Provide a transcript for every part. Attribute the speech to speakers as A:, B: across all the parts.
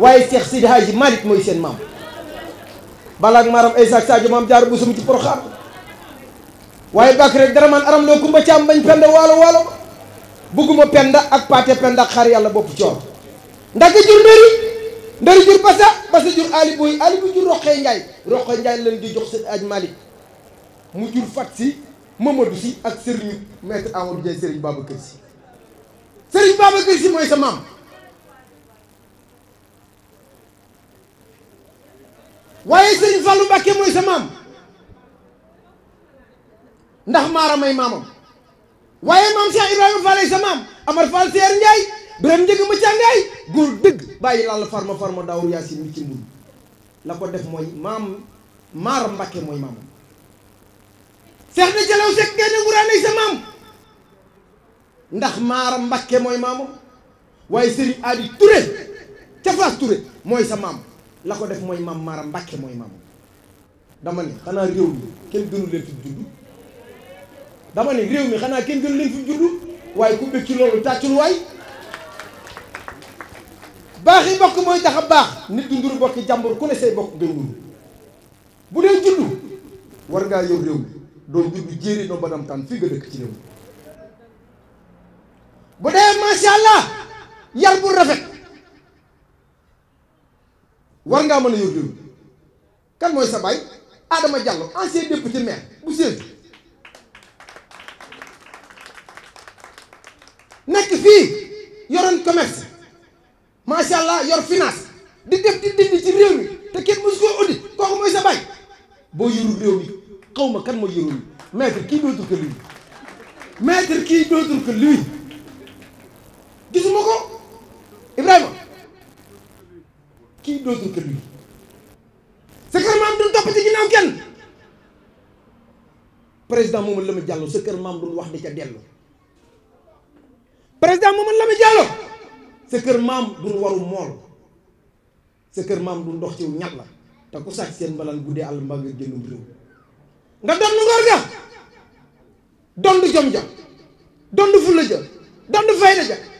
A: waaye Cheikh Sidi Hadji Malick mooy seen maam balaak maaram Aysak Sadio maam jaaru busum ci Porokhane waaye bàkk rek dara man aram loo kumba caam bañ penda waalo waalo bugguma penda ak paate penda ak xar yàlla bopp coor ndax jur ndëri ndëri jur basa basa jur ali boy ali bu jur roqee njaay roqee njaay lañ jox seen aj Malick mu jur fat si Mamadou si ak sëriñu maître Amadou Diaye sëriñ Babacar si sëriñ Babacar si mooy sa maam waaye sëñ Fallou Mbacke mooy sa maam ndax maara may maamam waaye maam Cheikh Ibrahima Fall sa maam Amar Fall Seer Ndiaye Birame Njëg ma càngaay góor dëgg bàyyi lalla farma farma daawur yaasin mi ci mbul la ko def mooy maam maara Mbacke mooy maamam Cheikh de Jalaw Seck Gaynde Nguraan sa maam ndax maara Mbacke mooy maamam waaye Serigne Adi Touré ca Fass Touré mooy sa maam la ko def mooy maam Mara Mbàkke mooy maam dama ne xanaa réew mi kenn gënu leen fi judd dama ne réew mi xanaa kenn gënu leen fi judd waaye ku bëgg ci loolu tàccul waay baaxi bokk mooy tax a baax nit du nduru bokki jàmbur ku ne say bokk nga bu dee judd war ngaa yow réew mi doo judd jéeri noo badam taan fii nga dëkk ci réew bu dee macha allah yar bu rafet war nga mëna a kan moy sa bay Adama Diallo ancien député maire bu seen nek fi yoron commerce sha allah yor finance di def di dindi ci réew mi te kenn musu ko audit ko moy sa bay bo yorul réew mi xawma kan mooy yorul maître kii dootul que lui maître kii dootul que lui gisumako dootul kër yi sa kër maam duñ topp ci ginnaaw kenn président Mamadou Lamine Diallo sa kër maam duñ wax di ca dellu président Mamadou Lamine Diallo sa kër maam duñ waru mool sa kër maam duñ dox ci ñat la te ku sàcc seen mbalaan guddee àll mbaa nga génnum réew nga donn ngor ga dond jom ja dond fulla ja dond fayda ja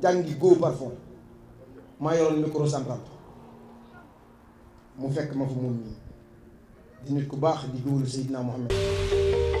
A: jàngi góo parfum maa yoroon micro central mu fekk ma fa moom nii di nit ku baax di góolu Seydina Mohamed